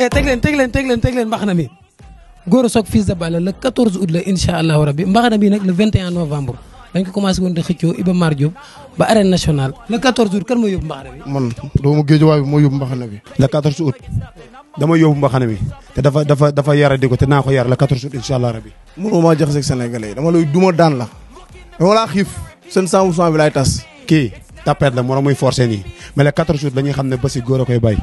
eh teg leen teg leen leen teg leen mbaxana mi Gora Sock fils de Balla le 14 août la incha allahu rabi mbaxana bi nag le 21 novembre dañ ko commencé woon di xëccoo Iba Mar Diop ba arène nationale le 14 août kan moo yóbbu mbaxana bi. man doomu géejewaay bi moo yóbbu mbaxana bi. le 14 août dama yóbbu mbaxana bi te dafa dafa dafa te naa ko yar le 14 août incha allah rabi. mënoo maa jaxaseeg Sénégalais yi dama lay la. tas. kii tapet la morom muy forcé nii mais le 14 août xam ne ba si góor koy bay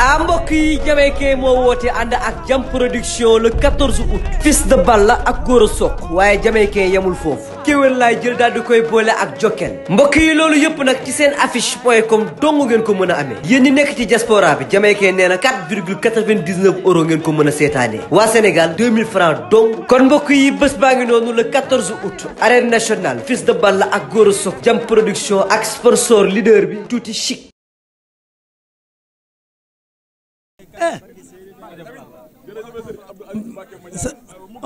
a mbokk yi jamaykee moo woote ànd ak jam production la 14 août fils de Balla ak Gora Sock waaye jamaykee yamul foofu kéwél laay jël daal di koy boole ak jokkeel mbokk yi loolu yëpp nag ci seen affiche point com dong ngeen ko mën a ame yéen ñi nekk ci diaspora bi jamaykee nee na 4 virgule 99 euros ngeen ko mën a seetaanee waa Sénégal 2000 francs dong kon mbokk yi bés baa ngi noonu le 14 août arène nationale fils de Balla ak Gora Sock jam production ak sponsor leader bi tuuti chic eh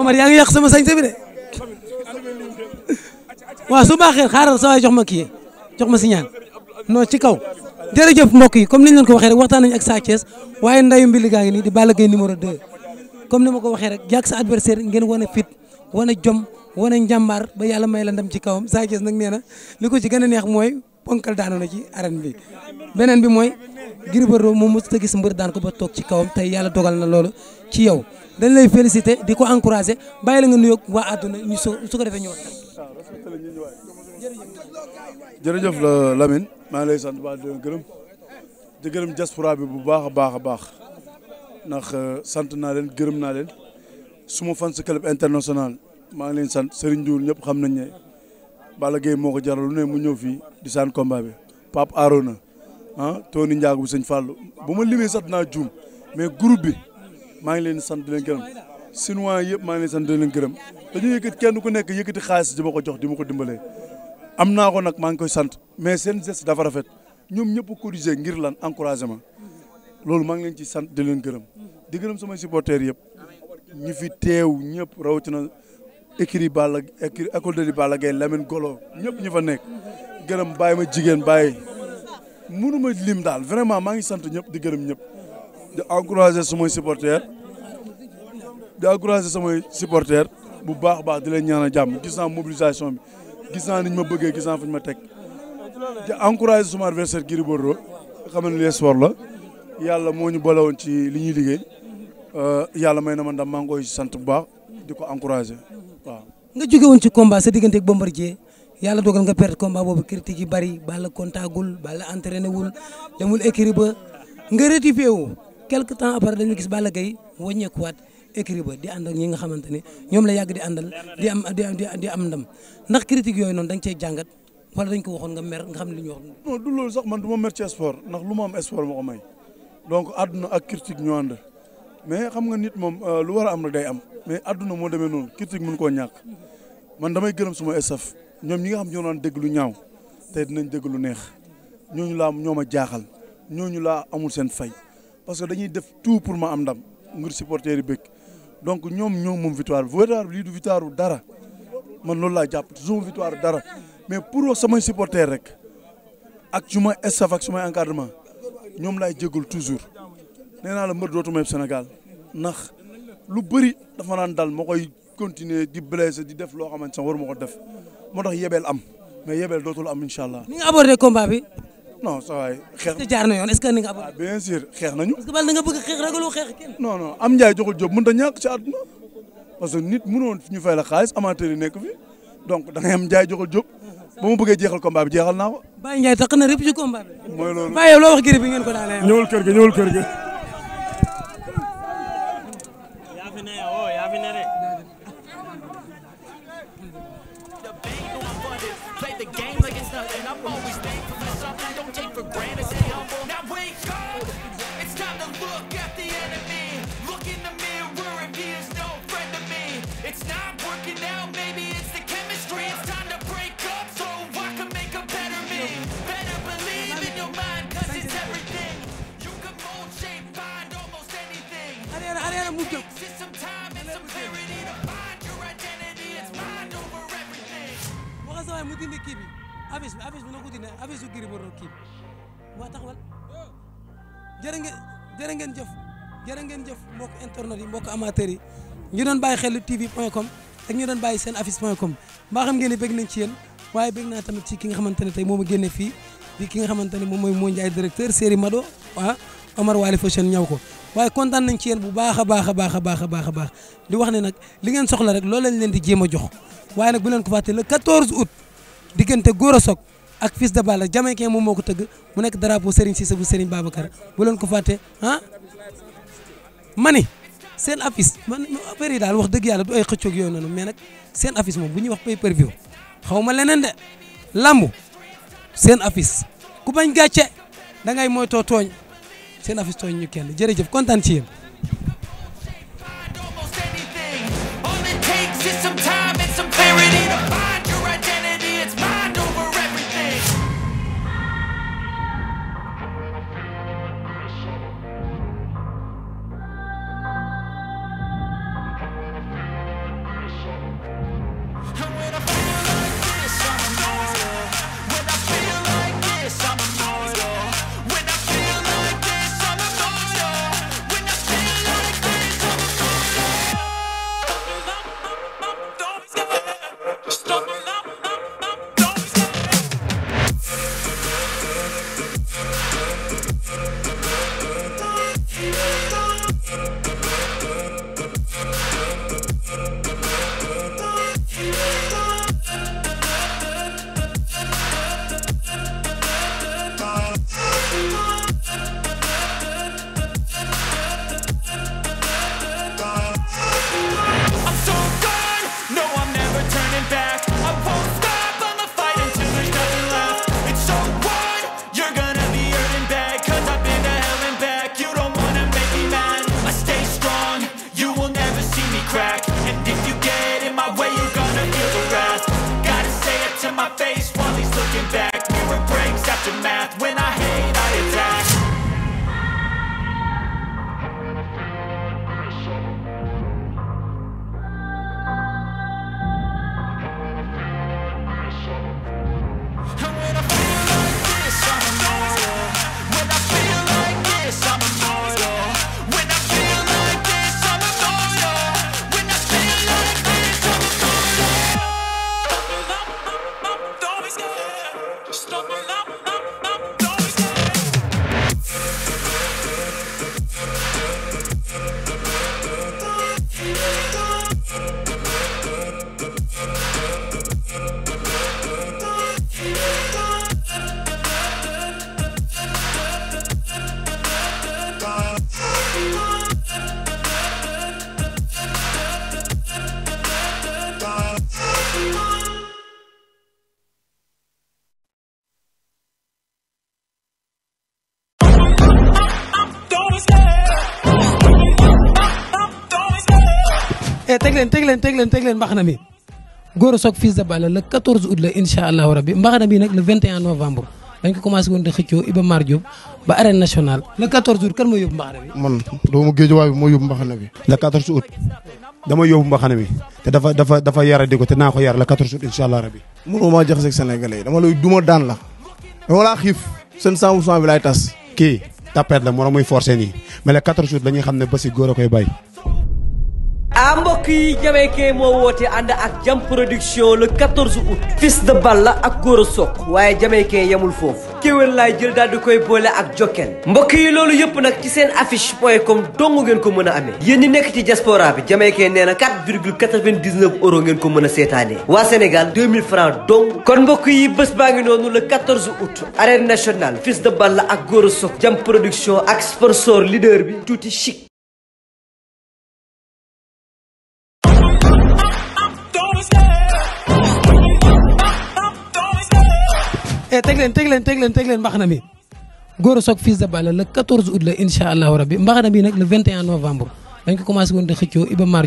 Omar yaa ngi yàq sama sañse bi de waaw su baaxee xaaral sa waay jox ma kii jox ma si ñaan non ci kaw jërëjëf mbokk yi comme ni ñu leen ko waxee rek waxtaan nañu ak Sa Thiès waaye ndayu mbili gaa ngi nii di Balla Gaye numéro 2 comme ni ma ko waxee rek jàkk sa adversaire ngeen wane fit wane jom wane njàmbaar ba yàlla may la ndam ci kawam Sa Thiès nag nee na li ko ci gën a neex mooy ponkal daanu na ci arène bi mooy Gris Bordeaux moom mosut a gis mbër daan ba toog ci kawam tey yàlla dogal na loolu ci yow dañ lay féliciter di ko encourager bàyyi la nga nuyoog waa àdduna ñu so su ko defee ñu waxtaan. jërëjëf Lamine maa ngi lay sant baax gërëm di gërëm diaspora bi bu baax a baax a baax ndax euh, sant naa leen gërëm naa leen suma fans club international maa ngi leen sant Serigne Ndiour ñëpp xam nañ ne Balla Gaye moo ko jaral lu mu ñëw fii di saan komba bi Pape na ah Tony Ndiago bu sëñ Fallou bu ma limee sax naa juum mais groupe bi maa ngi leen sant di leen gërëm chinois yëpp maa ngi leen sant di leen gërëm dañuy kenn ku nekk yëkkati xaalis di ma ko jox di ko dimbalee am naa ko nag maa ngi koy sant mais seen geste dafa rafet ñoom ñëpp corriger ngir lan encouragement loolu maa ngi leen ci sant di leen gërëm di gërëm samay supporters yëpp ñi fi teew ñëpp rawatina écurie Balla écurie école de Balla Gaye Lamine Golo ñëpp ñi fa nekk gërëm bàyyi ma jigéen bàyyi mënu ma lim daal vraiment maa ngi sant ñëpp di gërëm ñëpp di encouragé samay supporters di encouragé samay supporters bu baax baax di leen ñaanal jàmm gis naa mobilisation bi gis naa niñ ma bëggee gis naa fuñ ma teg di encouragé suma adversaire Gris Bordeaux xam ne li sport la yàlla moo ñu boole woon ci li ñuy liggéey euh, yàlla may na ma ndam maa sant bu baax di ko encouragé waaw. nga jóge woon ci combat sa diggante bombar Bombardier yàlla dogal nga perte combat boobu critique yi bari Balla kontaagul Balla entraîné wul demul écrit ba nga rectifié wu quelque temps après dañu gis Balla Gaye wàññeekuwaat écrit ba di ànd ñi nga xamante ne ñoom la yàgg di àndal di am di di am ndam ndax critique yooyu noonu dañ cey jàngat wala dañ ko waxoon nga mer nga xam ne li ñu wax. non du loolu sax man du ma mer ci sport ndax lu ma am sport ma ko may donc àdduna ak critique ñoo ànd mais xam nga nit moom euh, lu war a am rek day am mais àdduna moo demee noonu critique mun koo ñàkk man damay gërëm suma staff ñoom ñi nga xam ñoo naan dégg lu ñaaw te dinañ dégg lu neex ñooñu laa ñoo ma jaaxal ñooñu laa amul seen fay parce que dañuy def tout pour ma am ndam ngir supporter yi bëgg donc ñoom ñoo moom victoire bi lii du victoire dara man loolu laa jàpp toujours victoire dara mais pour samay supporter rek ak su ma staff ak su encadrement ñoom laay jéggul toujours nee naa la mbër dootuma yëpp Sénégal ndax lu bëri dafa naan dal moo koy continuer di blessé di def loo xamante ne waruma ko def moo tax yebeel am mais yebeel dootul am incha allah. ni nga abordé combat bi. non sa waay xeex. est-ce na yoon ah, da nga bëgg xeex am njaay joxul job mënut a ñàkk ci àdduna parce que nit ñu fay la xaalis amateur nekk fi donc da ngay am njaay joxul job ba mu bëggee jeexal combat jeexal naa ko. Baye Ndiaye tax na rëpp ci combat bi. mooy loolu Baye yow loo wax gërëm bi ngeen ko daanee. ñëwal kër xaaral mu dindi kii bi affiche bi affiche bi na ko dindi affiche su Gris Bordeaux kii bi waa taxawal jërë ngeen jëf jërë ngeen jëf mbokk internet mbokk amateurs yi ñu doon bàyyi xel Lutte TV point com ak ñu bàyyi seen affiche point com mbaa xam ngeen ne bëgg nañ ci yéen waaye bëgg naa tamit ci ki nga xamante ne tey moom a génne fii di ki nga xamante ne moom mooy moo Ndiaye directeur Série Mado ah Omar Wali Fashion ñaw ko waaye kontaan nañ ci yéen bu baax a baax a baax a baax a baax baax di wax ne nag li ngeen soxla rek loolu lañ leen di jéem a jox waaye nag diggante Gora Sock ak fiis de Balla Jamaïcain moom moo ko tëgg mu nekk drapeau Serigne Cissé bu Serigne Babacar bu leen ko fàtte ah mani seen affiche man affaire daal wax dëgg yàlla du ay xëccoog yooyu noonu mais nag seen affiche moom bu ñuy wax pay per view xaw ma leneen de lambu seen affiche ku bañ gàcce da ngay moytoo tooñ seen affiche tooñ ñu kenn jërëjëf kontaan ci yéen. my face. ok eh, teg leen teg leen teg leen teg leen mbax na mi Gora Sock fils la incha allahu rabi mbax na mi nag le 21 novembre dañ ko commencé woon di xëccoo Iba ba arène nationale le 14 août kan moo yóbbu mbax na bi yóbbu mbax na mi. le dama yóbbu mbax te dafa dafa dafa yara di ko te naa ko yar le 14 août incha allah rabi. mënoo maa jaxase ak sénégalais yi dama lay tas. kii tapet la morom muy forcé nii mais le 14 xam ne ba koy bay a ah, mbokk yi Jamaïcain moo woote ànd ak jam production le 14 août Fils de Balla ak Gora Sock waaye Jamaïcain yemul foofu kéwél laay jël daal di koy boole ak Jokkel mbokk yi loolu yëpp nag ci seen affiche point com dong ngeen ko mën a amee yéen ñi nekk ci diaspora bi Jamaïcain nee na 4 virgule 99 ngeen ko mën a seetaanee waa Sénégal 2000 francs dong kon mbokk yi bés baa ngi noonu le 14 août national nationale Fils de Balla ak Gora Sock jam production ak sponsor leader bi tuuti chic e teg leen teg leen teg leen teg leen mbaxana mi Gora Sock fils de la incha allahu rabbi mbaxana bi nag le 21 novembre dañ ko commencé woon di xëccoo Iba Mar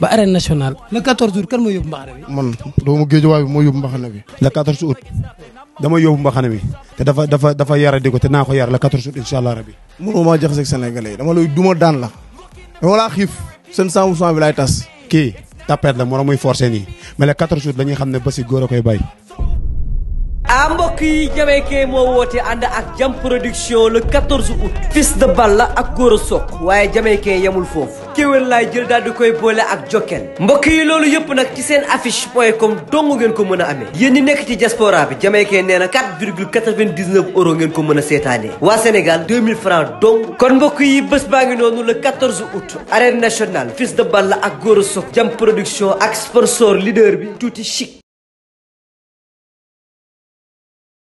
ba arène nationale le 14 août kan moo yóbbu mbaxana bi. man doomu géejuwaay bi moo yóbbu mbaxana bi. le 14 dama yóbbu mbaxana te dafa dafa dafa yara di ko te naa ko yar la 14 août incha allah rabbi. mënoo maa jaxase sénégalais yi dama lay la. tas. kii tapet la moroom muy forcé nii mais le 14 août la ñuy xam ne ba si góor a koy bàyyi ah mbokk yi Jamaïcain moo woote ànd ak jam production la 14 août fils de Balla ak Gora Sock waaye Jamaïcain yamul foofu kéwél laay jël daal di koy boole ak Jokkel mbokk yi loolu yëpp nag ci seen affiche point com dong ngeen ko mën a amee yéen ñi nekk ci diaspora bi Jamaïcain nee na 4 virgule 99 euros ngeen ko mën a seetaanee waa Sénégal 2000 francs dong kon mbokk yi bés baa ngi noonu le 14 août arène nationale fils de Balla ak Gora Sock jam production ak sponsor leader bi tuuti chic